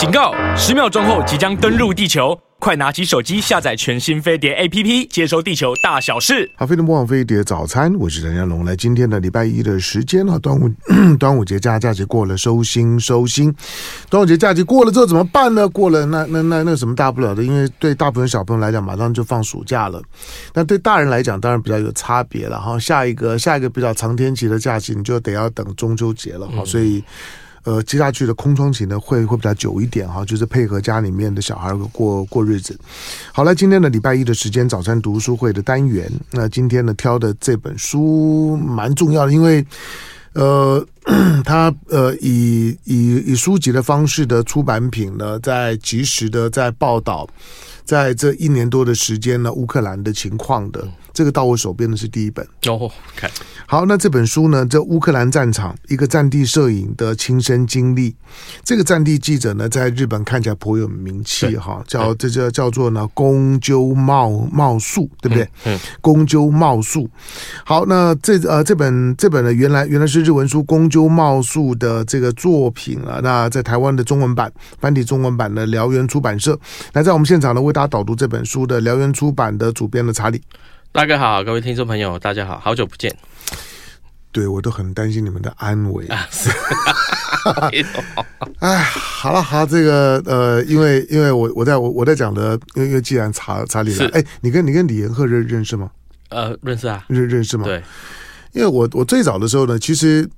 警告！十秒鐘後即將登入地球，Yeah. 快拿起手機下載全新飛碟 APP，接收地球大小事。好，飛碟聯播網飛碟早餐，我是唐湘龍。來，今天的禮拜一的時間啊，端午 端午節假假期過了，收心收心。端午節假期過了之後怎麼辦呢？過了那那那那什麼大不了的，因為對大部分小朋友來講，馬上就放暑假了。那對大人來講，當然比較有差別了。哈，下一個下一個比較長天期的假期，你就得要等中秋節了。哈，嗯、所以。呃，接下去的空窗期呢，會會比較久一點哈，就是配合家裡面的小孩過過日子。好了，今天的禮拜一的時間，早餐讀書會的單元。那、呃、今天呢，挑的這本書蠻重要的，因為呃，他呃以以以書籍的方式的出版品呢，在及時的在報道，在這一年多的時間呢，烏克蘭的情況的。嗯這個到我手邊的是第一本哦，看、oh, okay. 好，那這本書呢，這《烏克蘭戰場》一個戰地攝影的親身經歷。這個戰地記者呢，在日本看起來頗有名氣哈，對叫、嗯、這叫叫做呢公鳩茂茂樹，對不對？嗯，嗯公鳩茂樹。好，那這呃這本這本呢，原來原來是日文書公鳩茂樹的這個作品啊。那在台灣的中文版，繁體中文版的燎原出版社。那在我們現場呢，為大家導讀這本書的燎原出版的主編的查理。大家好，各位聽眾朋友，大家好好久不見。對我都很擔心你們的安危哎， 好了好，這個呃，因為因為我我在我我在講的，因為,因為既然查查理了，哎是，你跟你跟李延鶴認認識嗎？呃，認識啊，認認識嗎？對，因為我我最早的時候呢，其實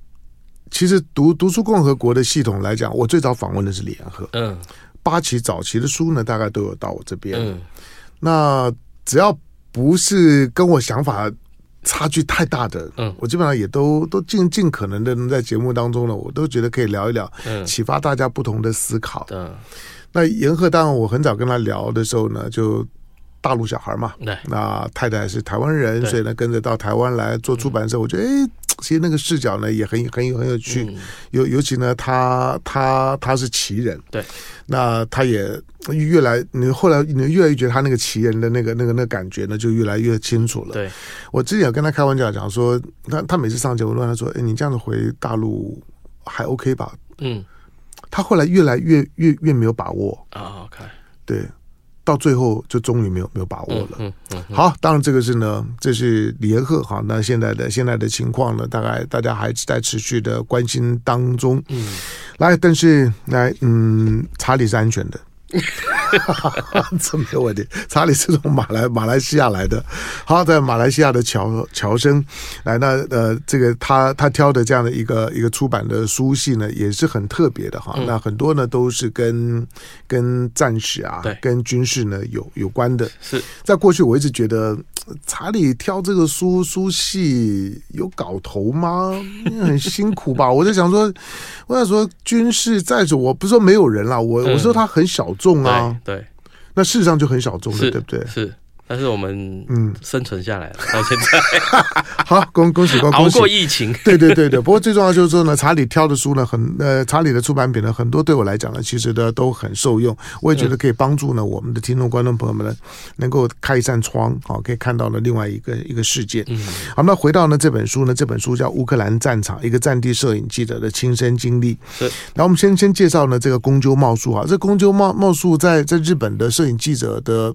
其實讀讀書共和國的系統來講，我最早訪問的是李延鶴。嗯，八旗早期的書呢，大概都有到我這邊。嗯，那只要。不是跟我想法差距太大的，嗯，我基本上也都都盡盡可能的能在節目當中呢，我都覺得可以聊一聊，嗯，啟發大家不同的思考，嗯，那言赫當然我很早跟他聊的時候呢，就大陸小孩嘛，對，那太太是台灣人，對所以呢跟着到台灣來做出版社，嗯、我覺得誒。其實那個視角呢，也很很有很，很有趣，尤、嗯、尤其呢，他他他是奇人，對，那他也越來你後來你越來越覺得他那個奇人的那個那個那個那個感覺呢，就越來越清楚了。對，我之前有跟他開玩笑講說，他他每次上節目我都跟他說，哎，你這樣子回大陸還 OK 吧？嗯，他後來越來越越越沒有把握啊、哦，OK，對。到最後就終於沒有沒有把握了。好，當然這個是呢，這是李彥赫哈。那現在的現在的情況呢，大概大家還在持續的關心當中。來，但是來，嗯，查理是安全的。 這沒有問題。查理是從馬來馬來西亞來的，他在馬來西亞的僑僑生，來那呃，這個他他挑的這樣的一個一個出版的書系呢，也是很特別的哈。嗯、那很多呢都是跟跟戰士啊，對跟軍事呢有有關的。是在過去，我一直覺得查理挑這個書書系有搞頭嗎？因為很辛苦吧？ 我在想說，我想說軍事再士，我不是說沒有人了，我、嗯、我說他很小眾啊。對，那事實上就很小眾了，是對不對？是。但是我們嗯生存下來了，到、嗯啊、現在 好，恭喜恭喜過，熬過疫情，對對對對。不過最重要就是說呢，查理挑的書呢，很呃，查理的出版品呢，很多對我來講呢，其實呢都很受用。我也覺得可以幫助呢，我們的聽眾觀眾朋友們呢，能夠開一扇窗，好、哦，可以看到了另外一個一個世界。嗯、好，那回到呢這本書呢，這本書叫《烏克蘭戰場：一個戰地攝影記者的親身經歷》是。對，那我們先先介紹呢這個宮嶋茂樹啊，這宮嶋茂茂樹在在日本的攝影記者的。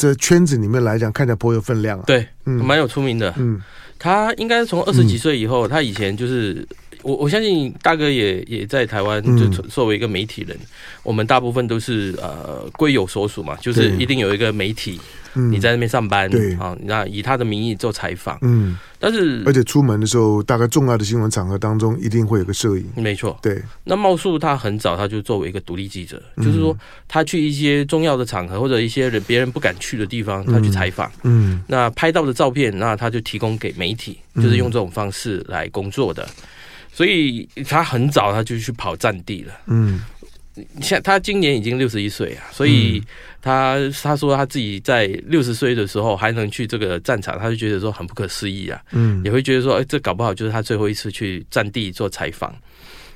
這圈子裡面來講，看起來頗有分量啊。對。蠻有出名的，嗯，他應該從二十幾歲以後，他以前就是我我相信大哥也也在台灣，就作為一個媒體人，我們大部分都是呃歸有所屬嘛，就是一定有一個媒體，你在那邊上班，對啊，那以他的名義做採訪，嗯，但是而且出門的時候，大概重要的新聞場合當中，一定會有個攝影，沒錯，對。那茂樹他很早他就作為一個獨立記者，就是說他去一些重要的場合或者一些人別人不敢去的地方，他去採訪，嗯，那拍到的。照片，那他就提供給媒體，就是用這種方式來工作的。嗯、所以他很早他就去跑戰地了。嗯，像他今年已經六十一歲啊，所以他、嗯、他說他自己在六十歲的時候還能去這個戰場，他就覺得說很不可思議啊。嗯，也會覺得說，哎、欸，這搞不好就是他最後一次去戰地做採訪。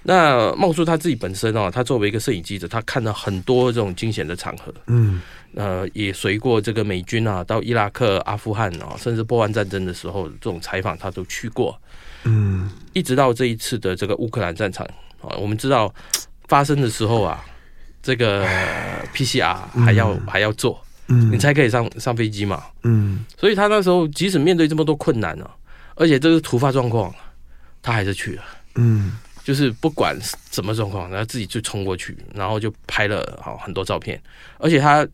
那孟叔他自己本身哦，他作為一個攝影記者，他看到很多這種驚險的場合。嗯。呃，也隨過這個美軍啊，到伊拉克、阿富汗啊，甚至波灣戰爭的時候，這種採訪他都去過，嗯，一直到這一次的這個烏克蘭戰場啊，我們知道發生的時候啊，這個 PCR 還要、嗯、還要做，嗯，你才可以上上飛機嘛，嗯，所以他那時候即使面對這麼多困難啊，而且這個突發狀況，他還是去了，嗯，就是不管什麼狀況，他自己就衝過去，然後就拍了好很多照片，而且他。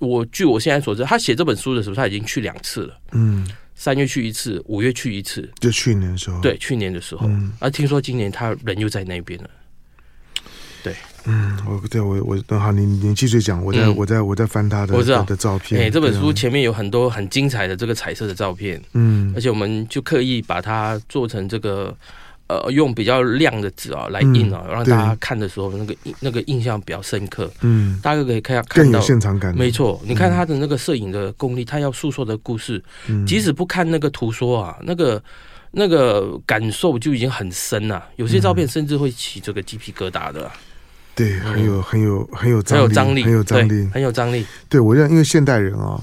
我據我現在所知，他寫這本書的時候，他已經去兩次了。嗯，三月去一次，五月去一次，就去年的時候。對，去年的時候，嗯，啊，聽說今年他人又在那邊了。對，嗯，我對我我等好，你你繼續講，我在、嗯、我在我在翻他的我他的照片。哎、欸，這本書前面有很多很精彩的這個彩色的照片。嗯，而且我們就刻意把它做成這個。呃，用比較亮的紙啊來印，啊，讓大家看的時候那個那個印象比較深刻。嗯，大家可以看一下，看到更有現場感。沒錯，你看他的那個攝影的功力，他要訴說的故事，即使不看那個圖說啊，那個那個感受就已經很深了。有些照片甚至會起這個雞皮疙瘩的。對，很有很有很有張力，很有張力，很有張力。對，我認為，因為現代人啊。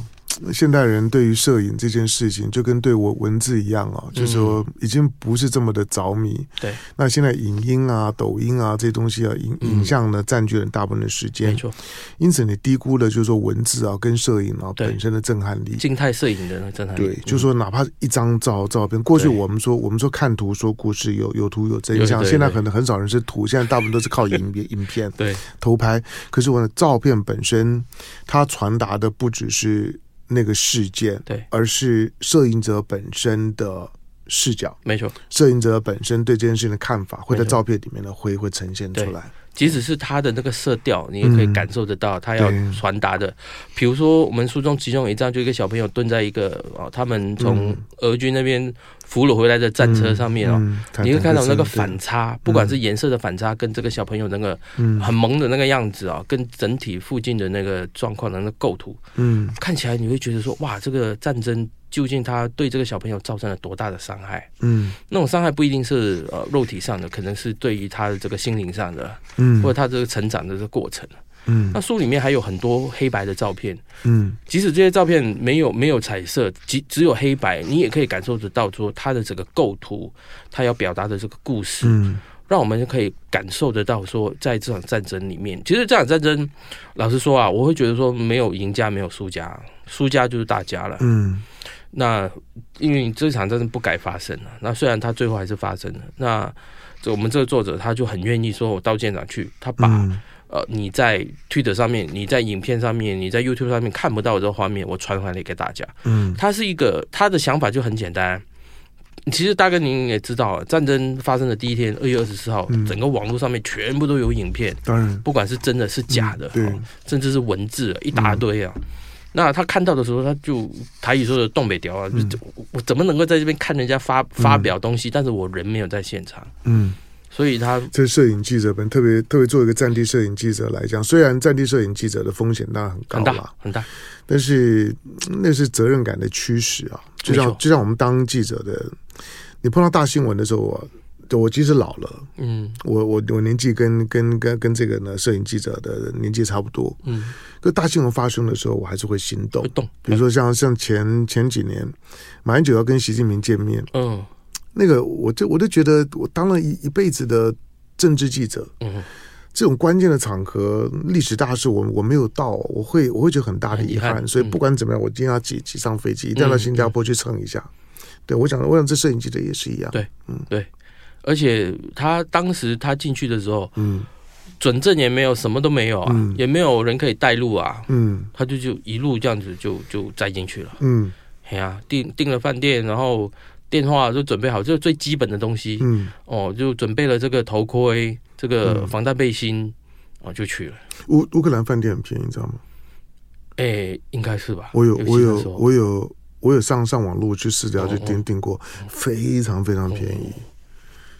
現代人對於攝影這件事情，就跟對我文字一樣啊、哦。就是說已經不是這麼的着迷。對，那現在影音啊、抖音啊這些東西啊，影影像呢佔據了大部分的時間。沒錯，因此你低估了就是說文字啊跟攝影啊本身的震撼力。靜態攝影的震撼力。對，就是說哪怕一張照，照照片，過去我們說我們說看圖說故事，有有圖有真相。現在可能很少人是圖，現在大部分都是靠影影片。 對，偷拍。可是我的照片本身，它傳達的不只是。那個事件，對，而是攝影者本身的視角，沒錯，攝影者本身對這件事情的看法，會在照片裡面的灰會呈現出來。即使是他的那個色調，你也可以感受得到他要傳達的。嗯、比如說，我們書中其中有一張，就一個小朋友蹲在一個哦，他們從俄軍那邊，俘虜回來的戰車上面哦，嗯嗯、你會看到那個反差，不管是顏色的反差，嗯、跟這個小朋友那個很萌的那個樣子啊、哦，跟整體附近的那個狀況的那個構圖，嗯，看起來你會覺得說，哇，這個戰爭究竟他對這個小朋友造成了多大的傷害？嗯，那種傷害不一定是呃肉體上的，可能是對於他的這個心靈上的，嗯，或者他這個成長的這個過程。嗯，那書裡面還有很多黑白的照片，嗯，即使這些照片沒有沒有彩色，即只有黑白，你也可以感受得到說他的整個構圖，他要表達的這個故事，嗯，讓我們就可以感受得到說在這場戰爭裡面，其實這場戰爭，老實說啊，我會覺得說沒有贏家，家，沒有輸家，輸家就是大家了，嗯，那因為這場戰爭不該發生了，那雖然他最後還是發生了，那這我們這個作者他就很願意說我到現場去，他把。呃，你在 Twitter 上面，你在影片上面，你在 YouTube 上面看不到我這個畫面，我傳回了給大家。嗯，他是一個他的想法就很簡單。其實大哥您也知道，戰爭發生的第一天，二月二十四號，嗯、整個網絡上面全部都有影片，當然、嗯、不管是真的是假的，對、嗯，甚至是文字、嗯、一大堆啊。嗯、那他看到的時候，他就台語說的凍未條啊、嗯就是，我怎麼能夠在這邊看人家發發表東西，嗯、但是我人沒有在現場。嗯。所以他，他這攝影記者本別，本特別特別做一個戰地攝影記者來講，雖然戰地攝影記者的風險當然很高很大，很大，但是那是責任感的驅使啊。就像錯就像我們當記者的，你碰到大新聞的時候，我我其實老了，嗯，我我我年紀跟跟跟跟這個呢攝影記者的年紀差不多，嗯，那大新聞發生的時候，我還是會心動，動。嗯，比如說像像前前幾年，馬英九要跟習近平見面，嗯。那個，我就我就覺得，我當了一一輩子的政治記者，嗯，這種關鍵的場合、歷史大事，我我沒有到，我會我會覺得很大的遺憾。所以不管怎麼樣，我一定要擠擠上飛機，一定要到新加坡去蹭一下。對我想，我想這攝影記者也是一樣，對，嗯，對。而且他當時他進去的時候，嗯，準證也沒有，什麼都沒有啊，也沒有人可以帶路啊，嗯，他就就一路這樣子就就栽進去了，嗯，哎呀，訂訂了飯店，然後。電話就準備好，就最基本的東西。嗯，哦，就準備了這個頭盔，這個防彈背心，哦，就去了。烏烏克蘭飯店很便宜，你知道嗎？哎，應該是吧。我有，我有，我有，我有上上網路去試著去訂訂過，非常非常便宜。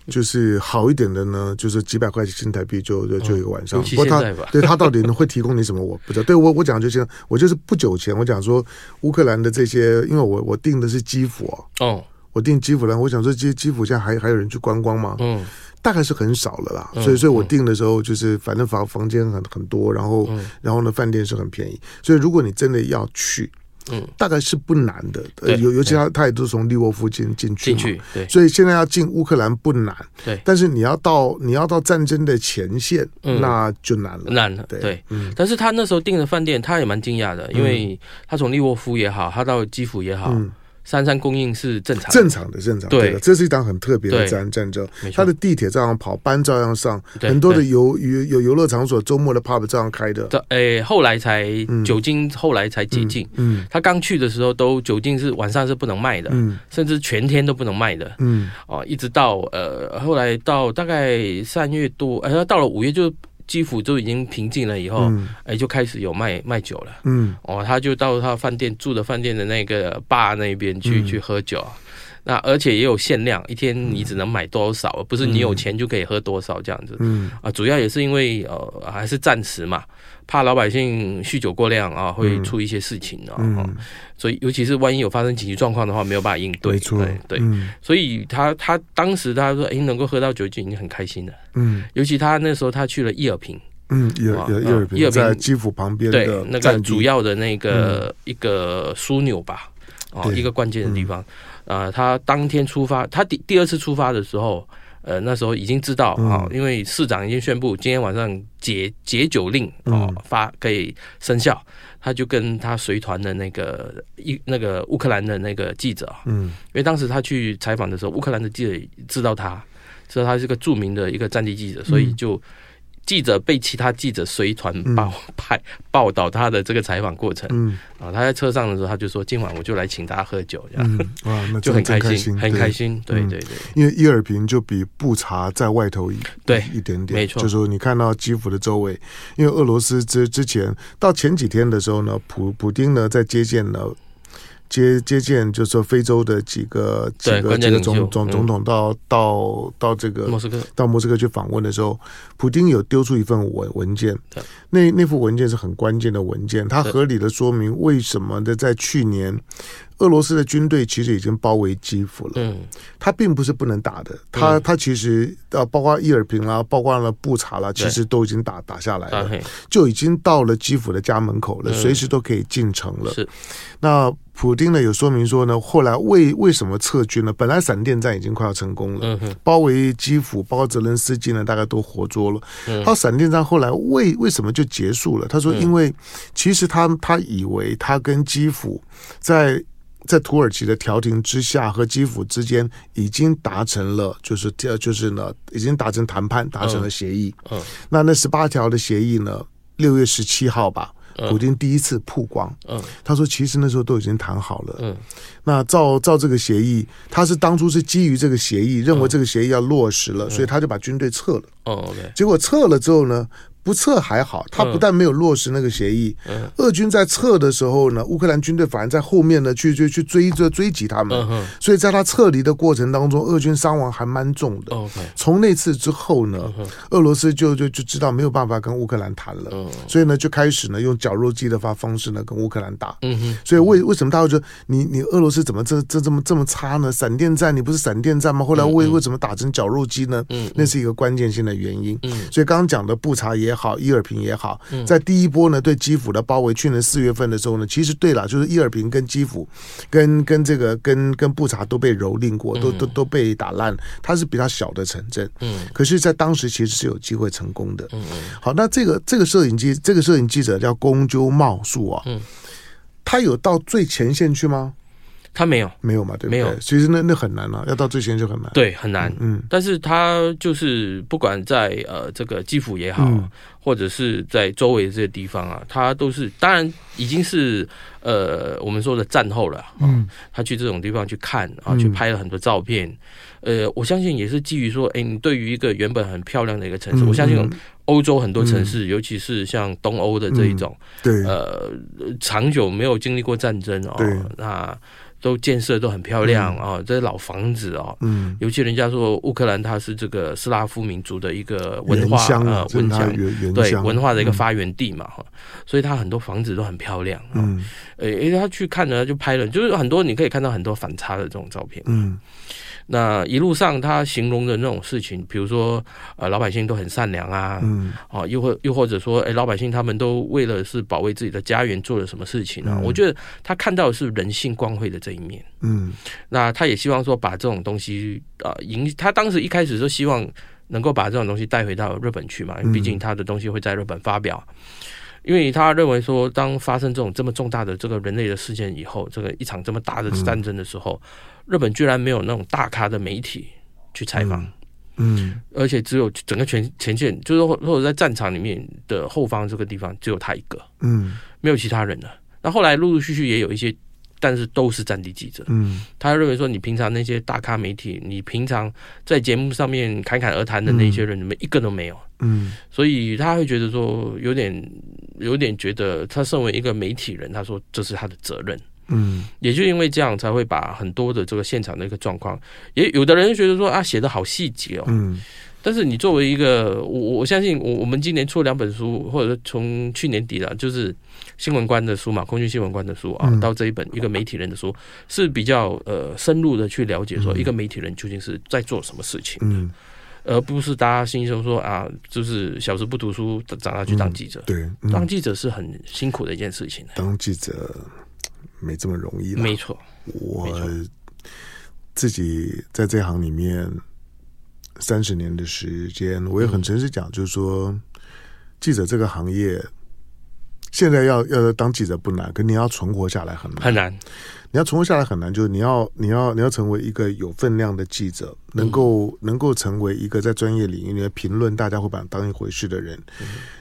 就是好一點的呢，就是幾百塊錢新台幣就就一個晚上。不他對他到底呢會提供你什麼？我不知道。對我我講就行。我就是不久前我講說烏克蘭的這些，因為我我訂的是基輔哦。哦。我訂基輔了，我想說基基輔現在還還有人去觀光嗎？嗯，大概是很少了啦。所以，所以我訂的時候就是反正房房間很很多，然後然後呢，飯店是很便宜。所以，如果你真的要去，嗯，大概是不難的。尤尤其他他也都是從利沃夫進進去進去，對。所以現在要進烏克蘭不難，對。但是你要到你要到戰爭的前線，那就難了，難了，對。嗯，但是他那時候訂的飯店，他也蠻驚訝的，因為他從利沃夫也好，他到基輔也好。三三供應是正常的正常的正常對，對的，這是一場很特別的戰戰爭。他的地鐵照樣跑，班照樣上，對很多的遊對遊有遊樂場所，週末的 pub 照樣開的。哎，後來才酒精，嗯、後來才解禁。嗯，他、嗯、剛去的時候都酒精是晚上是不能賣的，嗯、甚至全天都不能賣的。嗯，哦，一直到呃後來到大概三月多，哎，到了五月就。基輔都已經平靜了以後，哎、就開始有賣賣酒了。嗯，哦，他就到他飯店住的飯店的那個 bar 那邊去、嗯、去喝酒，那而且也有限量，一天你只能買多少，嗯、不是你有錢就可以喝多少這樣子。嗯、啊，主要也是因為呃，還是暫時嘛。怕老百姓酗酒過量啊，會出一些事情啊，所以尤其是萬一有發生緊急狀況的話，沒有辦法應對。對對，所以他他當時他說，哎，能夠喝到酒就已經很開心了。嗯，尤其他那時候他去了伊爾平，嗯，伊爾平，伊爾平，在基輔旁邊，對，那個主要的那個一個樞紐吧，哦，一個關鍵的地方。啊，他當天出發，他第第二次出發的時候。呃，那時候已經知道啊，因為市長已經宣布今天晚上解解酒令啊發可以生效，他就跟他隨團的那個一那個烏克蘭的那個記者啊，嗯，因為當時他去採訪的時候，烏克蘭的記者也知道他，知道他是個著名的一個戰地記者，所以就。記者被其他記者隨團包派報道他的這個採訪過程啊，他在車上的時候，他就說：“今晚我就來請大家喝酒。”這樣啊，那就很開心，很開心，對對對。因為伊爾平就比布查在外頭對一點點，沒錯。就是說你看到基輔的周圍，因為俄羅斯之之前到前幾天的時候呢，普普丁呢在接見了。接接見，就是非洲的幾個幾個幾個總總總統，到到到這個到莫斯科去訪問的時候，普丁有丟出一份文文件。那那份文件是很關鍵的文件，它合理的說明為什麼的在去年，俄羅斯的軍隊其實已經包圍基輔了，嗯，他並不是不能打的，嗯、他他其實呃，包括伊爾平啦、啊，包括了布查啦、啊，其實都已經打打下來了，對就已經到了基輔的家門口了，嗯、隨時都可以進城了。是，那普丁呢有說明說呢，後來為為什麼撤軍了？本來閃電戰已經快要成功了，嗯、哼包圍基輔，包括澤連斯基呢，大概都活捉了，嗯、他閃電戰後來為為什麼就結束了？他說，因為其實他他以為他跟基輔在。在土耳其的調停之下，和基輔之間已經達成了，就是就是呢，已經達成談判，達成了協議。嗯，uh, uh, 那那十八條的協議呢？六月十七號吧，普京第一次曝光。嗯，uh, uh, 他說其實那時候都已經談好了。嗯，uh, 那照照這個協議，他是當初是基於這個協議，認為這個協議要落實了，uh, uh, 所以他就把軍隊撤了。哦，uh, OK。結果撤了之後呢？不撤還好，他不但沒有落實那個協議，嗯、俄軍在撤的時候呢，烏克蘭軍隊反而在後面呢去去去追着追擊他們，嗯、哼所以在他撤離的過程當中，俄軍傷亡還蠻重的。嗯、哼從那次之後呢，嗯、哼俄羅斯就就就知道沒有辦法跟烏克蘭談了，嗯、哼所以呢就開始呢用絞肉機的方方式呢跟烏克蘭打。嗯、哼所以為為什麼他會覺得你你俄羅斯怎麼這這這麼這麼差呢？閃電戰你不是閃電戰嗎？後來為為什麼打成絞肉機呢？嗯嗯，那是一個關鍵性的原因。嗯嗯，所以剛剛講的布查也。好，伊爾平也好，嗯、在第一波呢對基輔的包圍，去年四月份的時候呢，其實對了，就是伊爾平跟基輔，跟跟這個跟跟布查都被蹂躪過，都、嗯、都都被打爛，它是比較小的城鎮，嗯，可是，在當時其實是有機會成功的，嗯嗯，好，那這個這個攝影記這個攝影記者叫公鳩茂樹啊，嗯，他有到最前線去嗎？他沒有，沒有嘛，對不對，沒有。其實那那很難啊，要到最先就很難。對，很難。嗯，嗯，但是他就是不管在呃這個基輔也好，或者是在周圍這些地方啊，他都是當然已經是呃我們說的戰後了。嗯，他去這種地方去看啊，去拍了很多照片。呃，我相信也是基於說，哎，你對於一個原本很漂亮的一個城市，我相信歐洲很多城市，尤其是像東歐的這一種，對，呃，長久沒有經歷過戰爭哦，那。都建設都很漂亮啊、嗯哦，這是老房子啊、哦，嗯，尤其人家說烏克蘭它是這個斯拉夫民族的一個文化啊，文強對文化的一個發源地嘛，嗯、所以它很多房子都很漂亮啊，誒、嗯，他、哦哎哎、去看了就拍了，就是很多你可以看到很多反差的這種照片，嗯。那一路上，他形容的那種事情，比如說，呃，老百姓都很善良啊，嗯，又或、啊、又或者說，哎、欸，老百姓他們都為了是保衛自己的家園做了什麼事情啊？嗯、我覺得他看到的是人性光輝的這一面，嗯，那他也希望說把這種東西，啊，贏。他當時一開始就希望能夠把這種東西帶回到日本去嘛，畢竟他的東西會在日本發表，嗯、因為他認為說，當發生這種這麼重大的這個人類的事件以後，這個一場這麼大的戰爭的時候。嗯日本居然沒有那種大咖的媒體去採訪，嗯，嗯，而且只有整個全前線，就是或者在戰場裡面的後方這個地方，只有他一個，嗯，沒有其他人了。那後來陸陸續續也有一些，但是都是戰地記者，嗯，他認為說你平常那些大咖媒體，你平常在節目上面侃侃而談的那些人，裡面，嗯，一個都沒有，嗯，所以他會覺得說有點有點覺得，他身為一個媒體人，他說這是他的責任。嗯，也就因為這樣，才會把很多的這個現場的一個狀況，也有的人覺得說啊，寫得好細節哦。嗯。但是你作為一個，我我相信，我我們今年出兩本書，或者是從去年底了、啊，就是新聞官的書嘛，空軍新聞官的書啊，嗯、到這一本一個媒體人的書，是比較呃深入的去了解說一個媒體人究竟是在做什麼事情，嗯，而不是大家心生說啊，就是小時不讀書，長大去當記者。嗯、對，嗯、當記者是很辛苦的一件事情、啊。當記者。沒這麼容易沒錯，我自己在這行裡面三十年的時間，我也很誠實講，就是說，記者這個行業現在要要當記者不難，可你要存活下來很難。很難，你要存活下來很難，就是你要你要你要成為一個有分量的記者，能夠能夠成為一個在專業領域裡面評論，大家會把你當一回事的人，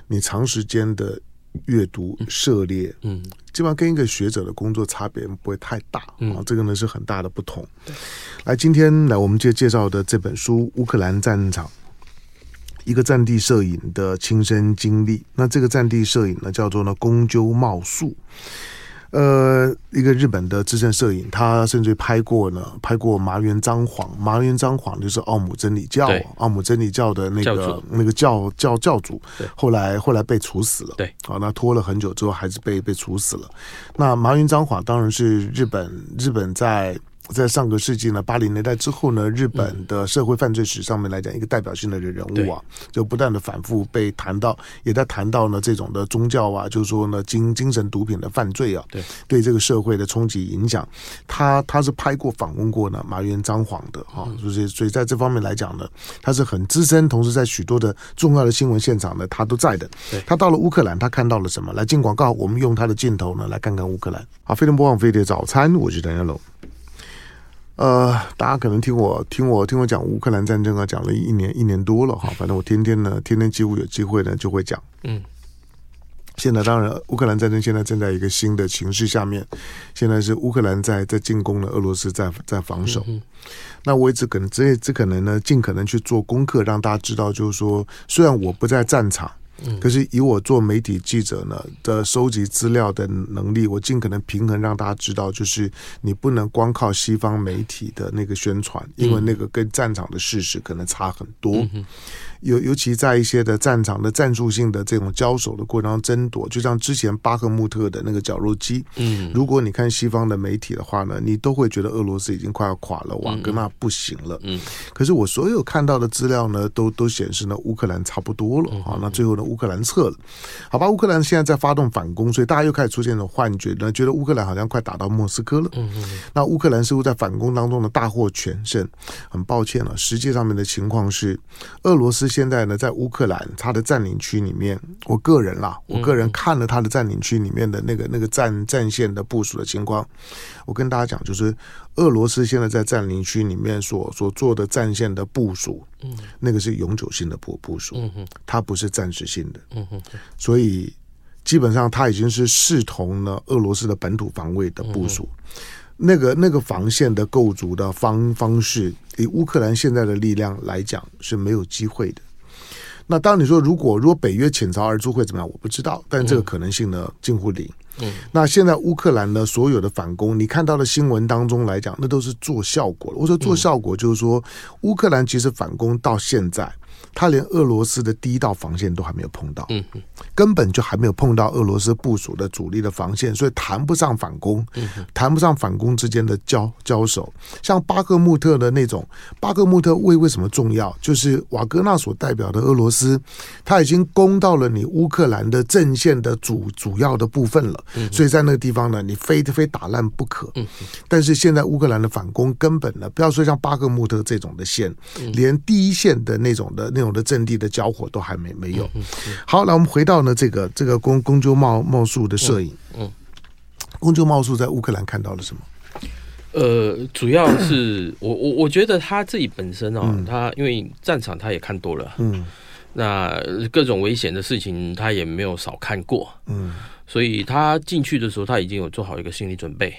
你長時間的。閱讀涉獵，嗯，基本上跟一個學者的工作差別不會太大，嗯、哦，這個呢是很大的不同。嗯、來，今天來我們就介紹的這本書《烏克蘭戰場》，一個戰地攝影的親身經歷。那這個戰地攝影呢，叫做呢“公鳩茂樹”。呃，一個日本的資深攝影，他甚至拍過呢，拍過麻原彰晃，麻原彰晃就是奧姆真理教，對奧姆真理教的那個主那個教教教主，對後來後來被處死了，好對、啊，那拖了很久之後還是被被處死了。那麻原彰晃當然是日本日本在。在上個世紀呢，八零年代之後呢，日本的社會犯罪史上面來講，一個代表性的人物啊，就不斷的反復被談到，也在談到呢這種的宗教啊，就是說呢精精神毒品的犯罪啊，對對這個社會的衝擊影響，他他是拍過訪問過呢麻原彰晃、晃的啊，所以所以在這方面來講呢，他是很資深，同時在許多的重要的新聞現場呢，他都在的。他到了烏克蘭，他看到了什麼？來，進廣告我看看，我們用他的鏡頭呢，來看看烏克蘭。啊，飛碟聯播網飛碟早餐，我是唐湘龍。呃，大家可能聽我聽我聽我講烏克蘭戰爭啊，講了一年一年多了哈。反正我天天呢，天天幾乎有機會呢就會講。嗯，現在當然烏克蘭戰爭現在正在一個新的形勢下面，現在是烏克蘭在在進攻了，俄羅斯在在防守。嗯、哼那我一直可能這這可能呢，盡可能去做功課，讓大家知道，就是說雖然我不在戰場。可是以我做媒體記者呢的收集資料的能力，我盡可能平衡讓大家知道，就是你不能光靠西方媒體的那個宣傳，因為那個跟戰場的事實可能差很多。嗯嗯尤尤其在一些的戰場的戰術性的這種交手的過程中爭奪，就像之前巴赫穆特的那個絞肉機，嗯，如果你看西方的媒體的話呢，你都會覺得俄羅斯已經快要垮了，瓦格納不行了，嗯，嗯可是我所有看到的資料呢，都都顯示呢，烏克蘭差不多了，好，那最後呢，烏克蘭撤了，好吧，烏克蘭現在在發動反攻，所以大家又開始出現了幻覺呢，覺得烏克蘭好像快打到莫斯科了，嗯嗯，嗯那烏克蘭似乎在反攻當中呢，大獲全勝，很抱歉了、啊，實際上面的情況是，俄羅斯。現在呢，在烏克蘭他的占領區裡面，我個人啦、啊，我個人看了他的占領區裡面的那個那個戰戰線的部署的情況，我跟大家講，就是俄羅斯現在在占領區裡面所所做的戰線的部署，嗯，那個是永久性的部部署，嗯哼，它不是暫時性的，嗯哼，所以基本上它已經是視同了俄羅斯的本土防衛的部署，那個那個防線的構築的方方式，以烏克蘭現在的力量來講是沒有機會的。那當你說如果如果北約傾巢而出會怎麼樣？我不知道，但這個可能性呢、嗯、近乎零。嗯、那現在烏克蘭呢所有的反攻，你看到的新聞當中來講，那都是做效果了。我說做效果就是說，嗯、烏克蘭其實反攻到現在。他連俄羅斯的第一道防線都還沒有碰到，嗯哼，根本就還沒有碰到俄羅斯部署的主力的防線，所以談不上反攻，嗯哼，談不上反攻之間的交交手。像巴克穆特的那種，巴克穆特為為什麼重要？就是瓦格納所代表的俄羅斯，他已經攻到了你烏克蘭的陣線的主主要的部分了，嗯、哼所以在那個地方呢，你非非打爛不可，嗯、哼但是現在烏克蘭的反攻根本呢，不要說像巴克穆特這種的線，嗯、哼連第一線的那種的。那種的陣地的交火都還沒沒有。好，那我們回到呢，這個這個公公鳩茂茂樹的攝影。嗯，公鳩茂樹在烏克蘭看到了什麼？呃，主要是 我我我覺得他自己本身哦，嗯、他因為戰場他也看多了，嗯，那各種危險的事情他也沒有少看過，嗯，所以他進去的時候，他已經有做好一個心理準備。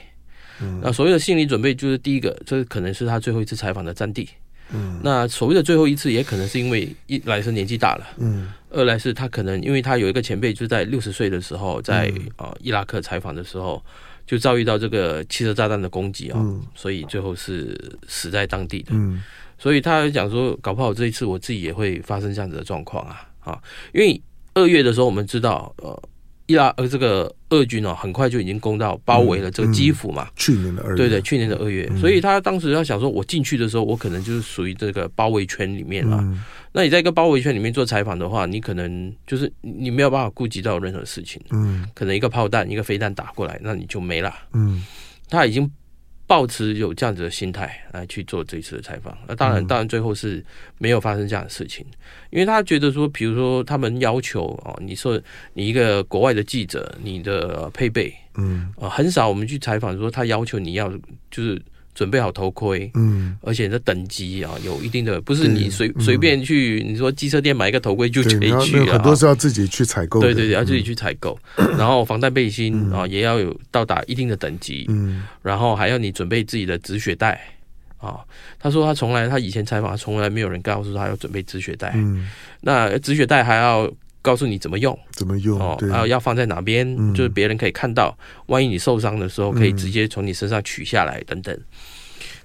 嗯，那所謂的心理準備就是第一個，這可能是他最後一次採訪的戰地。嗯、那所謂的最後一次，也可能是因為一來是年紀大了，嗯，二來是他可能因為他有一個前輩，就在六十歲的時候，在啊伊拉克採訪的時候，就遭遇到這個汽車炸彈的攻擊啊、哦，嗯、所以最後是死在當地的，嗯，所以他講說，搞不好這一次我自己也會發生這樣子的狀況啊，啊，因為二月的時候我們知道，呃。伊拉呃，這個俄軍哦，很快就已經攻到包圍了這個基輔嘛。去年的二月，對對，去年的二月，所以他當時要想說，我進去的時候，我可能就是屬於這個包圍圈裡面了。那你在一個包圍圈裡面做採訪的話，你可能就是你沒有辦法顧及到任何事情。嗯，可能一個炮彈、一個飛彈打過來，那你就沒了。嗯，他已經。抱持有這樣子的心態來去做這一次的採訪，那當然，當然最後是沒有發生這樣的事情，因為他覺得說，比如說他們要求哦，你說你一個國外的記者，你的配備，嗯，呃，很少我們去採訪說他要求你要就是。準備好頭盔，嗯，而且你的等級啊有一定的，不是你隨隨、嗯、便去。你說機車店買一個頭盔就可以去了、啊，很多是要自己去採購。對對對，要自己去採購。嗯、然後防彈背心啊，嗯、也要有到達一定的等級。嗯，然後還要你準備自己的止血帶啊。他說他從來他以前採訪他從來沒有人告訴他要準備止血帶。嗯，那止血帶還要。告訴你怎麼用，怎麼用哦，然後，啊，要放在哪邊，嗯，就是別人可以看到，萬一你受傷的時候，可以直接從你身上取下來等等。嗯，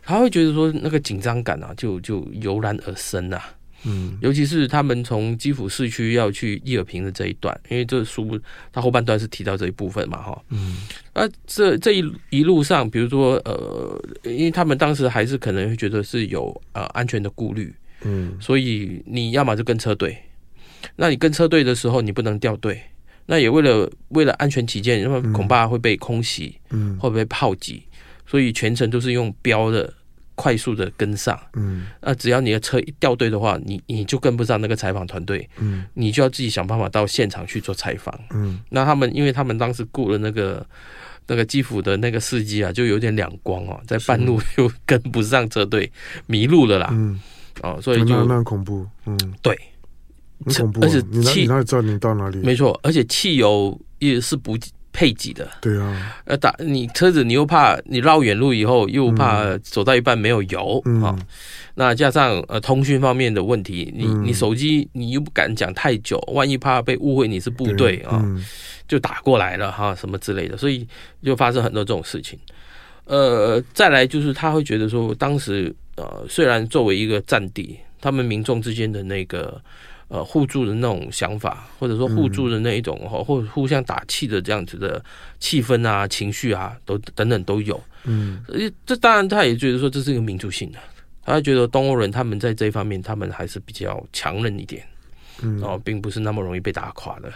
他會覺得說那個緊張感啊，就就油然而生啊。嗯，尤其是他們從基輔市區要去伊爾平的這一段，因為這書他後半段是提到這一部分嘛，哈。嗯，啊，這這一一路上，比如說呃，因為他們當時還是可能會覺得是有呃安全的顧慮，嗯，所以你要麼就跟車隊。那你跟車隊的時候，你不能掉隊。那也為了為了安全起見，因為恐怕會被空襲，嗯，嗯，會被炮擊，所以全程都是用飆的，快速的跟上，嗯。那只要你的車一掉隊的話，你你就跟不上那個採訪團隊，嗯，你就要自己想辦法到現場去做採訪，嗯。那他們因為他們當時雇了那個那個基輔的那個司機啊，就有點兩光哦，啊，在半路又跟不上車隊，是迷路了啦，嗯。哦，所以就蠻恐怖，嗯，對。啊、而且氣沒錯，而且汽油也是不配給的。對啊，呃，打你車子，你又怕你繞遠路以後，又怕走到一半沒有油、嗯、啊。那加上呃通訊方面的問題，你、嗯、你手機你又不敢講太久，萬一怕被誤會你是部隊對啊，嗯、就打過來了哈、啊，什麼之類的，所以就發生很多這種事情。呃，再來就是他會覺得說，當時呃雖然作為一個戰地，他們民眾之間的那個。呃，互助的那種想法，或者說互助的那一種，或、嗯、或互相打氣的這樣子的氣氛啊，情緒啊，都等等都有。嗯，這當然，他也覺得說這是一個民族性的，他覺得東歐人他們在這方面，他們還是比較強韌一點，嗯，然後並不是那麼容易被打垮的。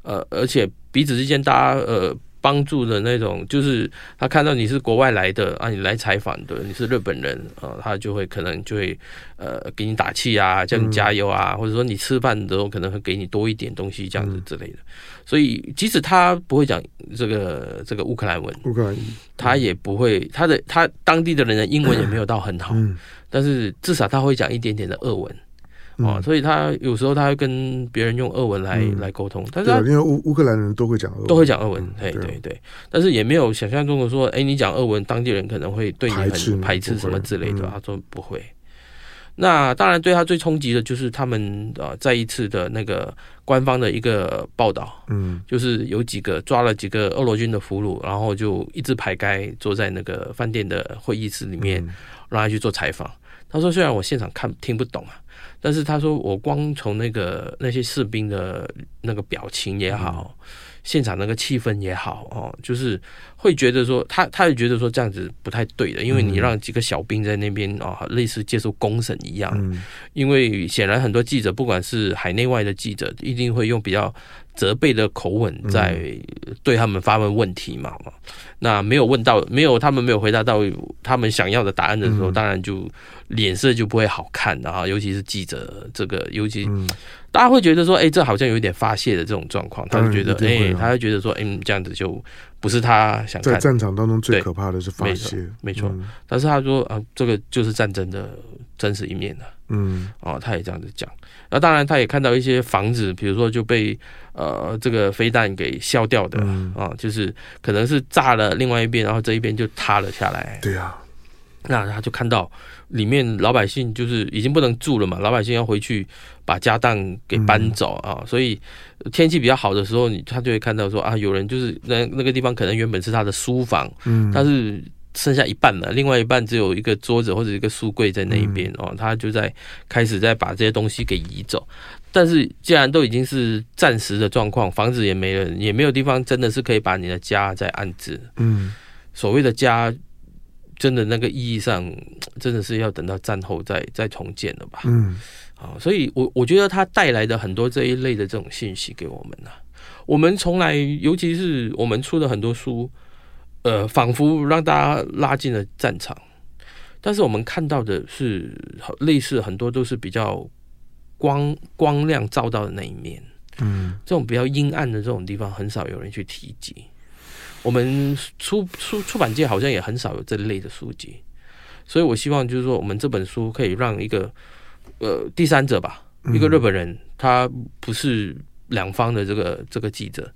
呃，而且彼此之間，大家呃。幫助的那種，就是他看到你是國外來的啊，你來採訪的，你是日本人啊，他就會可能就會呃給你打氣啊，叫你加油啊，嗯、或者說你吃飯的時候可能會給你多一點東西這樣子之類的。嗯、所以即使他不會講這個這個烏克蘭文，烏克蘭語，嗯、他也不會，他的他當地的人的英文也沒有到很好，嗯嗯、但是至少他會講一點點的俄文。哦，所以他有時候他會跟別人用俄文來來溝通，嗯、但是因為烏烏克蘭人都會講俄文，都會講俄文，對對對，但是也沒有想象中的說，哎、欸，你講俄文，當地人可能會對你很排斥什麼之類的。他說不會。嗯、那當然對他最衝擊的就是他們啊，再一次的那個官方的一個報道，嗯，就是有幾個抓了幾個俄羅軍的俘虜，然後就一字排開坐在那個飯店的會議室裡面，讓他、嗯、去做採訪。他說，雖然我現場看聽不懂啊。但是他說，我光從那個那些士兵的那個表情也好，嗯、現場那個氣氛也好，哦，就是會覺得說，他他也覺得說這樣子不太對的，因為你讓幾個小兵在那邊啊、哦，類似接受公審一樣，嗯、因為顯然很多記者，不管是海內外的記者，一定會用比較。責備的口吻在對他們發問問題嘛、嗯、那沒有問到，沒有他們沒有回答到他們想要的答案的時候，嗯、當然就臉色就不會好看，然後尤其是記者這個，尤其、嗯、大家會覺得說，哎、欸，這好像有點發洩的這種狀況，他就覺得，哎、欸，他就覺得說，哎、欸，這樣子就不是他想看，在戰場當中最可怕的是發洩，沒錯，但是他說，啊，這個就是戰爭的真實一面的，嗯，哦，他也這樣子講。那當然，他也看到一些房子，比如說就被呃這個飛彈給削掉的，啊、嗯哦，就是可能是炸了另外一邊，然後這一邊就塌了下來。對啊、嗯，那他就看到裡面老百姓就是已經不能住了嘛，老百姓要回去把家當給搬走啊、嗯哦。所以天氣比較好的時候，你他就會看到說啊，有人就是那那個地方可能原本是他的書房，嗯，但是。剩下一半了，另外一半只有一個桌子或者一個書櫃在那邊、嗯、哦，他就在開始在把這些東西給移走。但是既然都已經是暫時的狀況，房子也沒了，也沒有地方真的是可以把你的家再安置。嗯，所謂的家，真的那個意義上，真的是要等到戰後再再重建了吧？嗯，好、哦，所以我我覺得他帶來的很多這一類的這種信息給我們呢、啊，我們從來尤其是我們出的很多書。呃，仿佛讓大家拉進了戰場，但是我們看到的是類似很多都是比較光光亮照到的那一面，嗯，這種比較陰暗的這種地方很少有人去提及。我們出出出版界好像也很少有這類的書籍，所以我希望就是說，我們這本書可以讓一個呃第三者吧，一個日本人，他不是兩方的這個這個記者，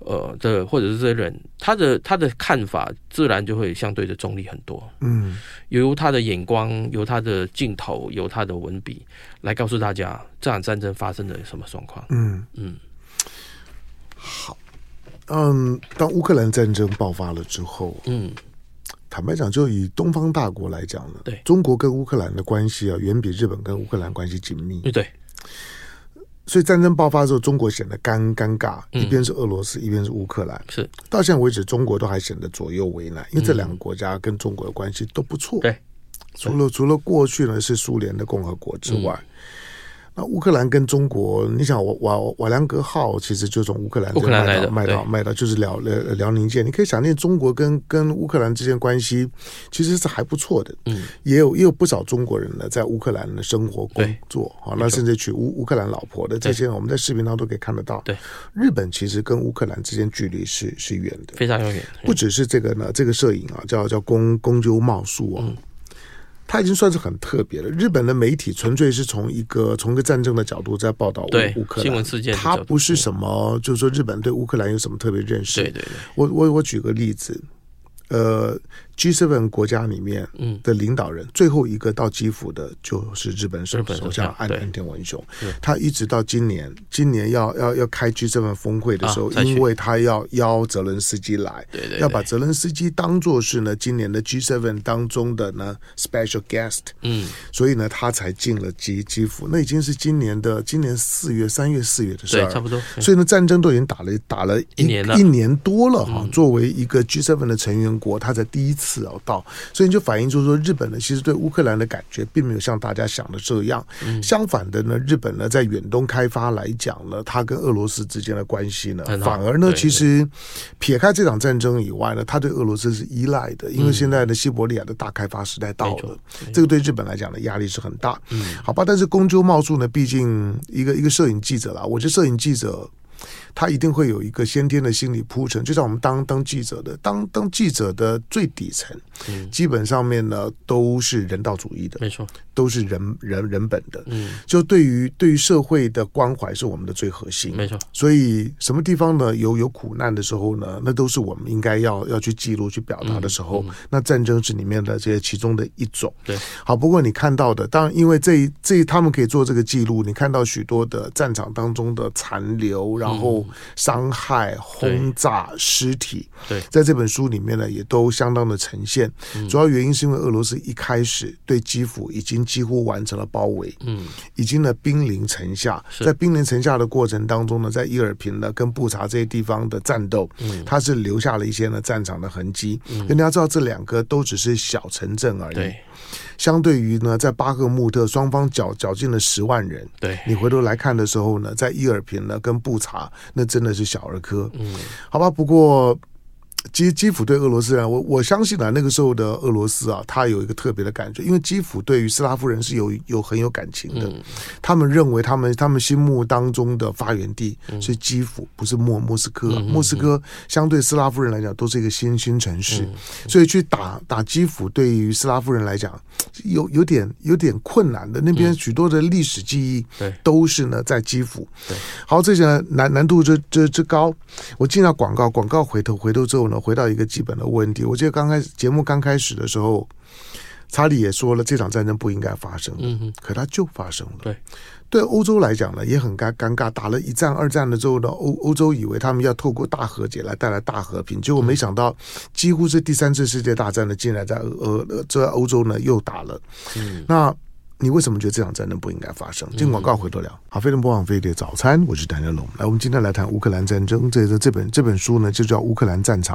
呃，的或者是這些人，他的他的看法自然就會相對的中立很多。嗯，由他的眼光、由他的鏡頭、由他的文筆來告訴大家這場戰爭發生了什麼狀況。嗯嗯，嗯好，嗯，當烏克蘭戰爭爆發了之後，嗯，坦白講，就以東方大國來講呢，對中國跟烏克蘭的關係啊，遠比日本跟烏克蘭關係緊密。對。所以戰爭爆發之後，中國顯得尷尷尬，一邊是俄羅斯，一邊是烏克蘭。是、嗯、到現在為止，中國都還顯得左右為難，因為這兩個國家跟中國的關係都不錯。對、嗯，除了除了過去呢是蘇聯的共和國之外。嗯那烏克蘭跟中國，你想瓦瓦瓦良格號其實就從烏克蘭賣到賣到賣到，就是遼遼遼寧艦，你可以想念中國跟跟烏克蘭之間關係其實是還不錯的。嗯，也有也有不少中國人呢在烏克蘭的生活工作，好，那甚至娶烏烏克蘭老婆的這些，我們在視頻當中可以看得到。對，日本其實跟烏克蘭之間距離是是遠的，非常遠。不只是這個呢，這個攝影啊，叫叫公公鳩茂樹啊。他已經算是很特別了，日本的媒體純粹是從一個從一個戰爭的角度在報道我們烏克蘭新聞事件，他不是什麼，對就是說日本對烏克蘭有什麼特別認識？對對對，我我我舉個例子，呃。G7 國家裡面的領導人、嗯、最後一個到基輔的就是日本首相岸田文雄，啊、他一直到今年，今年要要要開 G7 峰會的時候，啊、因為他要邀澤連斯基來，對對對，要把澤連斯基當做是呢今年的 G7 當中的呢 special guest，嗯，所以呢他才進了 G, 基基輔，那已經是今年的今年四月、三月、四月的事兒，差不多。所以呢戰爭都已經打了打了一,一年了一年多了哈。嗯、作為一個 G7 的成員國，他才第一次。次要、啊、到，所以就反映出說，日本呢，其實對烏克蘭的感覺並沒有像大家想的這樣。嗯、相反的呢，日本呢，在遠東開發來講呢，它跟俄羅斯之間的關係呢，好反而呢，對對對其實撇開這場戰爭以外呢，它對俄羅斯是依賴的，因為現在的西伯利亞的大開發時代到了，這個對日本來講的壓力是很大。嗯，好吧，但是宮嶋茂樹呢，畢竟一個一個攝影記者啦，我覺得攝影記者。他一定會有一個先天的心理鋪陳，就像我們當當記者的，當當記者的最底層，嗯、基本上面呢都是人道主義的，沒錯，都是人、嗯、人人本的，嗯，就對於對於社會的關懷是我們的最核心，沒錯。所以什麼地方呢有有苦難的時候呢，那都是我們應該要要去記錄、去表達的時候。嗯嗯、那戰爭是裡面的這些其中的一種，對。好，不過你看到的，當因為這這他們可以做這個記錄，你看到許多的戰場當中的殘留，然後。嗯、傷害、轟炸、對屍體，在這本書裡面呢，也都相當的呈現。對主要原因是因為俄羅斯一開始對基輔已經幾乎完成了包圍，嗯，已經呢兵臨城下，是在兵臨城下的過程當中呢，在伊爾平呢跟布查這些地方的戰鬥，嗯、它是留下了一些呢戰場的痕跡。跟大、嗯、家知道，這兩個都只是小城鎮而已。對相對於呢，在巴赫穆特雙方絞絞盡了十萬人對，對，你回頭來看的時候呢，在伊爾平呢跟布查，那真的是小兒科，嗯，好吧？不過。基基輔對俄羅斯人，我我相信呢、啊，那個時候的俄羅斯啊，他有一個特別的感覺，因為基輔對於斯拉夫人是有有很有感情的。嗯、他們認為他們他們心目當中的發源地是、嗯、基輔，不是莫莫斯科、啊。嗯嗯嗯、莫斯科相對斯拉夫人來講，都是一個新新城市，嗯嗯、所以去打打基輔對於斯拉夫人來講，有有點有點困難的。那邊許多的歷史記憶，對，都是呢、嗯、都是呢在基輔。對。好，這些呢難難度之之之高。我進到廣告，廣告回頭回頭之後呢。回到一個基本的問題，我記得剛開始節目剛開始的時候，查理也說了這場戰爭不應該發生，嗯哼，可它就發生了。對，對歐洲來講呢，也很尷尷尬，打了一戰、二戰了之後呢，歐歐洲以為他們要透過大和解來帶來大和平，結果沒想到、嗯、幾乎是第三次世界大戰呢，竟然在俄、呃、這歐洲呢又打了。嗯，那。你為什麼覺得這場戰爭不應該發生？進廣告回頭聊。嗯、好，飛碟聯播網飛碟早餐，我是唐湘龍。來，我們今天來談烏克蘭戰爭。這這本這本書呢，就叫《烏克蘭戰場》，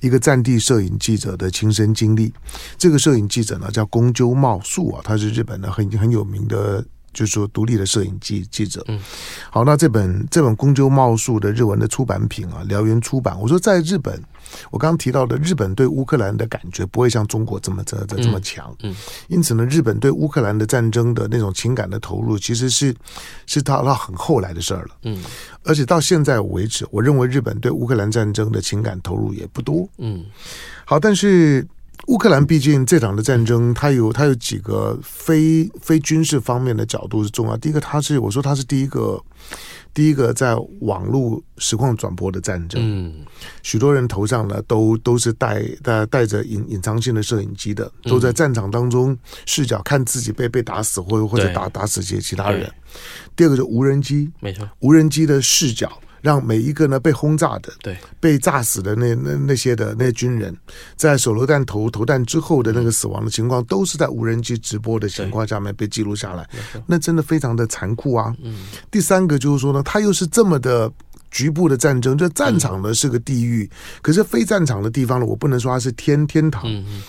一個戰地攝影記者的親身經歷。這個攝影記者呢，叫宮鳩茂樹啊，他是日本的很很有名的。就是說，獨立的攝影記記者，嗯，好，那這本這本公鳩茂樹的日文的出版品啊，燎原出版，我說在日本，我剛剛提到的日本對烏克蘭的感覺不會像中國這麼這麼這麼強，嗯，因此呢，日本對烏克蘭的戰爭的那種情感的投入，其實是是他他很後來的事兒了，嗯，而且到現在為止，我認為日本對烏克蘭戰爭的情感投入也不多，嗯，好，但是。烏克蘭畢竟這場的戰爭，它有它有幾個非非軍事方面的角度是重要。第一個，它是我說它是第一個第一個在網絡實況轉播的戰爭。嗯，許多人頭上呢都都是帶帶帶着隱隱藏性的攝影機的，都在戰場當中視角看自己被被打死，或者或者打打死其其他人。第二個就無人機，沒錯，無人機的視角。讓每一個呢被轟炸的、對，被炸死的那那那些的那些軍人，在手榴彈投投彈之後的那個死亡的情況，都是在無人機直播的情況下面被記錄下來，那真的非常的殘酷啊。嗯，第三個就是說呢，它又是這麼的局部的戰爭，這戰場呢是個地獄，可是非戰場的地方呢，我不能說它是天天堂，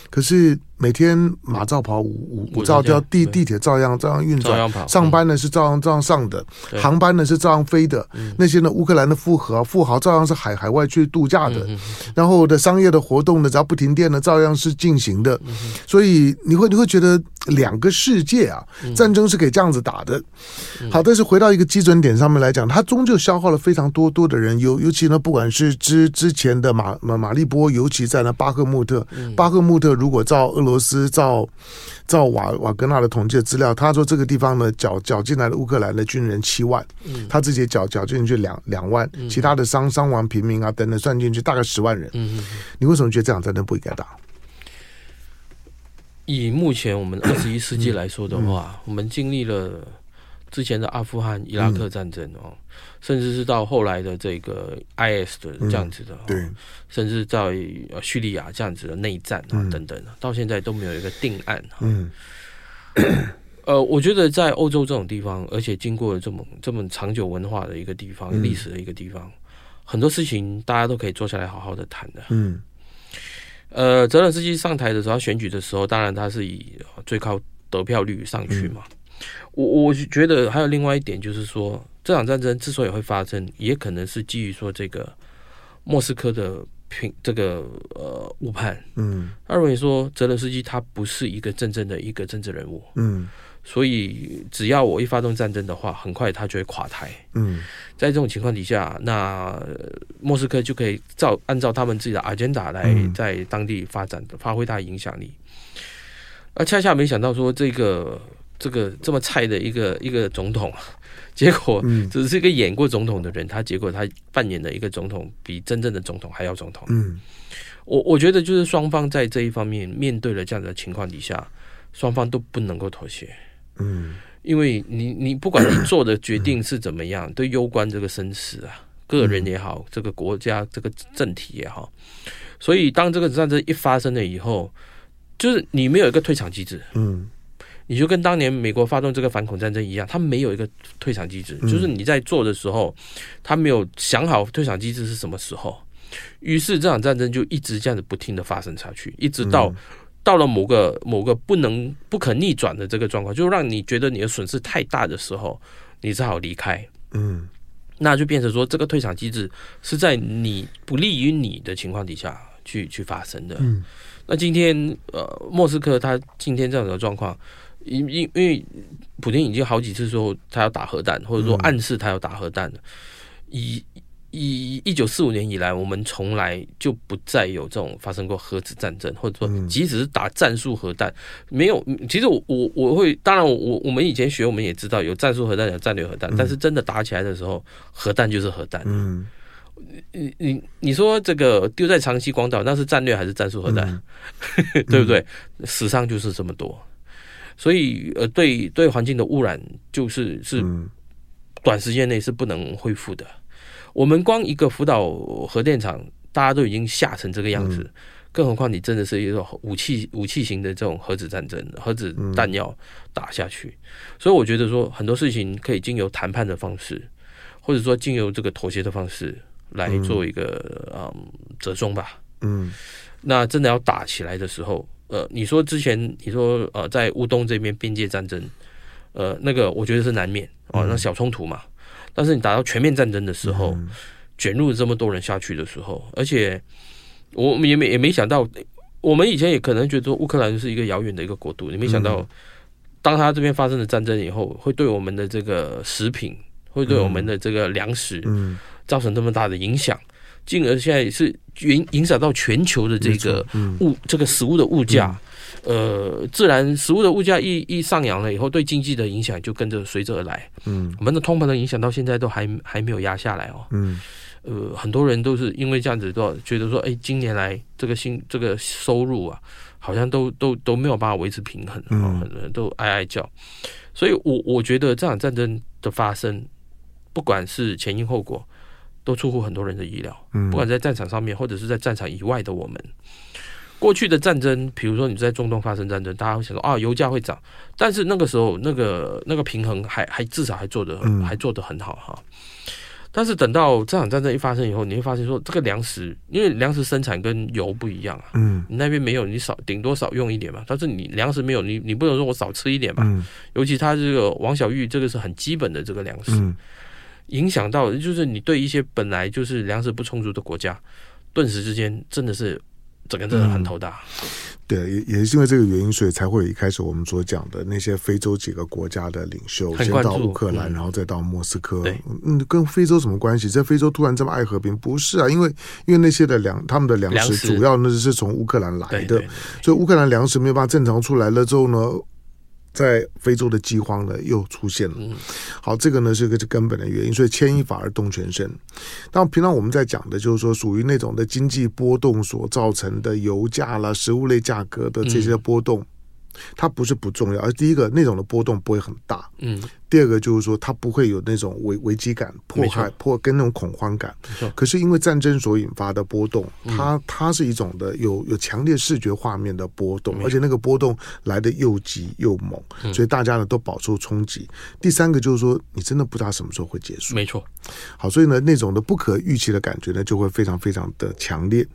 可是。每天馬照跑，舞舞舞照跳，地地鐵照樣照樣運轉，照樣跑上班呢是照樣照樣上的，嗯、航班呢是照樣飛的，對那些呢烏克蘭的富豪富豪照樣是海海外去度假的，嗯、哼然後的商業的活動呢，只要不停電呢，照樣是進行的，嗯、哼所以你會你會覺得兩個世界啊，嗯、哼戰爭是可以這樣子打的，好，但是回到一個基準點上面來講，它終究消耗了非常多多的人，尤尤其呢，不管是之之前的馬馬，馬利波，尤其在那巴赫穆特，嗯、巴赫穆特如果照俄羅羅斯照，照瓦瓦格納的統計的資料，他說這個地方呢，繳繳進來的烏克蘭的軍人七萬，嗯、他自己繳繳進去兩兩萬，嗯、其他的傷傷亡平民啊等等算進去大概十萬人。嗯，嗯你為什麼覺得這場戰爭不應該打？以目前我們二十一世紀來說的話，嗯嗯嗯、我們經歷了之前的阿富汗、伊拉克戰爭哦。甚至是到後來的這個 IS 的這樣子的，嗯、對，甚至在敘利亞這樣子的內戰啊、嗯、等等，到現在都沒有一個定案，啊。嗯，咳咳呃，我覺得在歐洲這種地方，而且經過了這麼這麼長久文化的一個地方、歷、嗯、史的一個地方，很多事情大家都可以坐下來好好的談的。嗯，呃，澤連斯基上台的時候，選舉的時候，當然他是以最高得票率上去嘛。嗯、我我覺得還有另外一點就是說，這場戰爭之所以會發生，也可能是基於說這個莫斯科的平這個呃誤判。嗯，他認為說澤連斯基他不是一個真正的一個政治人物。嗯，所以只要我一發動戰爭的話，很快他就會垮台。嗯，在這種情況底下，那莫斯科就可以照按照他們自己的 agenda 來在當地發展，發揮他的影響力。而恰恰沒想到說這個。這個這麼菜的一個一個總統，結果只是一個演過總統的人，嗯、他結果他扮演的一個總統，比真正的總統還要總統。嗯，我我覺得就是雙方在這一方面面對了這樣的情況底下，雙方都不能夠妥協。嗯，因為你你不管你做的決定是怎麼樣，嗯、都攸關這個生死啊，個人也好，嗯、這個國家這個政體也好。所以當這個戰爭一發生了以後，就是你沒有一個退場機制。嗯。你就跟當年美國發動這個反恐戰爭一樣，他沒有一個退場機制，嗯、就是你在做的時候，他沒有想好退場機制是什麼時候，於是這場戰爭就一直這樣子不停的發生下去，一直到、嗯、到了某個某個不能不可逆轉的這個狀況，就讓你覺得你的損失太大的時候，你只好離開。嗯，那就變成說這個退場機制是在你不利於你的情況底下去去發生的。嗯、那今天呃，莫斯科他今天這樣的狀況。因因因為普京已經好幾次說他要打核彈，或者說暗示他要打核彈了、嗯。以以一九四五年以來，我們從來就不再有這種發生過核子戰爭，或者說即使是打戰術核彈，沒有。其實我我我會，當然我我，我們以前學，我們也知道有戰術核彈、有戰略核彈，但是真的打起來的時候，核彈就是核彈。嗯，你你你說這個丟在長崎廣島，那是戰略還是戰術核彈？嗯、 對不對？嗯、史上就是這麼多。所以，呃，對對，環境的污染就是是短時間內是不能恢復的。嗯、我們光一個福島核電廠，大家都已經嚇成這個樣子，嗯、更何況你真的是一個武器武器型的這種核子戰爭、核子彈藥打下去。嗯、所以，我覺得說很多事情可以經由談判的方式，或者說經由這個妥協的方式來做一個嗯，嗯折中吧。嗯，那真的要打起來的時候。呃，你說之前你說呃，在烏東這邊邊界戰爭，呃，那個我覺得是難免啊，呃，那小衝突嘛。但是你打到全面戰爭的時候，捲入這麼多人下去的時候，而且我們也沒也沒想到，我們以前也可能覺得烏克蘭是一個遙遠的一個國度，你沒想到，當他這邊發生了戰爭以後，會對我們的這個食品，會對我們的這個糧食，造成這麼大的影響。進而現在也是影影響到全球的這個物這個食物的物價，呃，自然食物的物價一一上揚了以後，對經濟的影響就跟着隨之而來。嗯，我們的通膨的影響到現在都還還沒有壓下來哦。嗯，呃，很多人都是因為這樣子，都覺得說，哎，今年來這個薪這個收入啊，好像都都都都沒有辦法維持平衡，嗯，都哀哀叫。所以我我覺得這場戰爭的發生，不管是前因後果。都出乎很多人的意料，嗯，不管在戰場上面，或者是在戰場以外的我們，過去的戰爭，比如說你在中東發生戰爭，大家會想說啊，哦，油價會漲，但是那個時候那個那個平衡還還至少還做得還做得很好哈。但是等到這場戰爭一發生以後，你會發現說這個糧食，因為糧食生產跟油不一樣啊，嗯，你那邊沒有，你少頂多少用一點嘛，但是你糧食沒有，你你不能說我少吃一點嘛，嗯，尤其他這個王小玉這個是很基本的這個糧食。嗯影響到就是你對一些本來就是糧食不充足的國家，頓時之間真的是整個真的很頭大。嗯、對，也也是因為這個原因，所以才會一開始我們所講的那些非洲幾個國家的領袖，先到烏克蘭，嗯、然後再到莫斯科。嗯，嗯，跟非洲什麼關係？在非洲突然這麼愛和平，不是啊？因為因為那些的糧，他們的糧食主要那糧食，是從烏克蘭來的，對對對對，所以烏克蘭糧食沒有辦法正常出來了，之後呢？在非洲的饑荒呢又出現了，好，這個呢是一個根本的原因，所以牽一髮而動全身。那平常我們在講的就是說，屬於那種的經濟波動所造成的油價啦、食物類價格的這些波動，嗯、它不是不重要，而第一個那種的波動不會很大。嗯。第二個就是說，它不會有那種危危機感、迫害、迫跟那種恐慌感。可是，因為戰爭所引發的波動，它它是一種的有有強烈視覺畫面的波動，而且那個波動來的又急又猛，所以大家呢，都飽受衝擊。第三個就是說，你真的不知道什麼時候會結束。沒錯，好，所以呢，那種的不可預期的感覺呢，就會非常非常的強烈。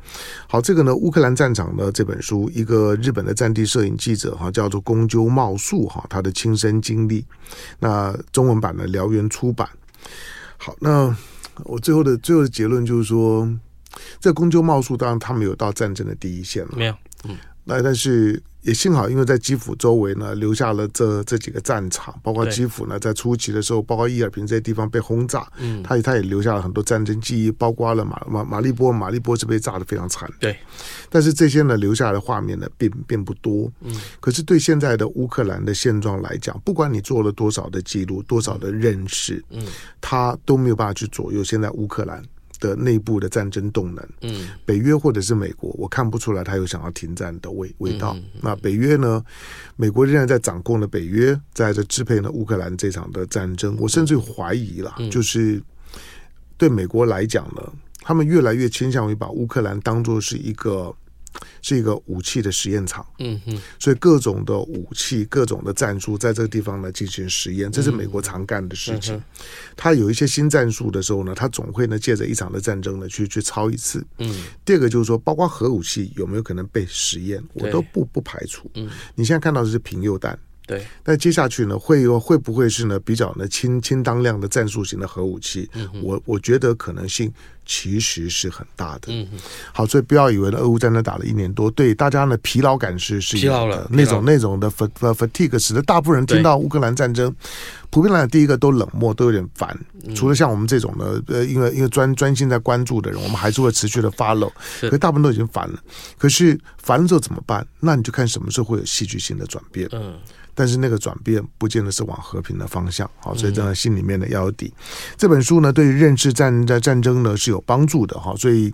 好，這個呢，烏克蘭戰場的這本書，一個日本的戰地攝影記者哈、啊，叫做宮嶋茂樹哈，他的親身經歷那。中文版的燎原出版。好，那我最後的最後的結論就是說，在公秋茂樹，當然他沒有到戰爭的第一線了，沒有，嗯。那但是也幸好，因為在基輔周圍呢，留下了這這幾個戰場，包括基輔呢，對在初期的時候，包括伊爾平這些地方被轟炸，嗯、他也他也留下了很多戰爭記憶，包括了馬馬馬利波，馬利波是被炸得非常慘。對，但是這些呢留下的畫面呢，並並不多。嗯，可是對現在的烏克蘭的現狀來講，不管你做了多少的記錄，多少的認識，嗯，嗯他都沒有辦法去左右現在烏克蘭。的內部的戰爭動能，嗯，北約或者是美國，我看不出來他有想要停戰的味味道。嗯嗯、那北約呢？美國仍然在掌控了北約在這支配呢烏克蘭這場的戰爭。嗯、我甚至懷疑了，嗯、就是對美國來講呢，他們越來越傾向於把烏克蘭當做是一個。是一個武器的實驗場，嗯哼，所以各種的武器、各種的戰術，在這個地方呢進行實驗，這是美國常幹的事情。嗯嗯、他有一些新戰術的時候呢，他總會呢借着一場的戰爭呢去去抄一次。嗯，第二個就是說，包括核武器有沒有可能被實驗，我都不對不排除。嗯，你現在看到的是貧鈾彈。對，那接下去呢，會有會不會是呢比較呢輕輕當量的戰術型的核武器？嗯哼，我我覺得可能性其實是很大的。嗯哼，好，所以不要以為呢俄烏戰爭打了一年多，對大家呢疲勞感是是疲勞了那種勞那種的 fatigue 使得大部分人聽到烏克蘭戰爭，對普遍來講第一個都冷漠，都有點煩。嗯、除了像我們這種呢，呃，因為因為專專，專心在關注的人，我們還是會持續的 follow。可大部分都已經煩了。可是煩了之後怎麼辦？那你就看什麼時候會有戲劇性的轉變。嗯。但是那個轉變不見得是往和平的方向，好，所以這心裡面呢要有底。嗯、這本書呢，對於認知戰在戰爭呢是有幫助的，好，所以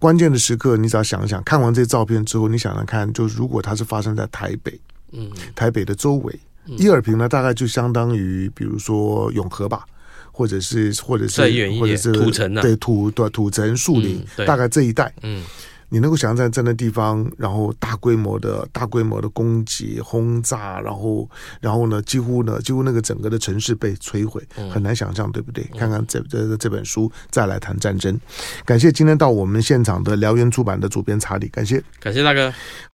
關鍵的時刻你只要想想，看完這些照片之後，你想想看，就如果它是發生在台北，嗯，台北的周圍，嗯、伊爾平呢大概就相當於比如說永和吧，或者是或者是遠一點或者是土城，啊、土，土城，對土土土城樹林，嗯、對大概這一帶，嗯。你能夠想象在那地方，然後大規模的大規模的攻擊轟炸，然後然後呢，幾乎呢，幾乎那個整個的城市被摧毀，很難想象，對不對？嗯，嗯。看看這這這本書，再來談戰爭。感謝今天到我們現場的燎原出版的主編查理，感謝感謝大哥。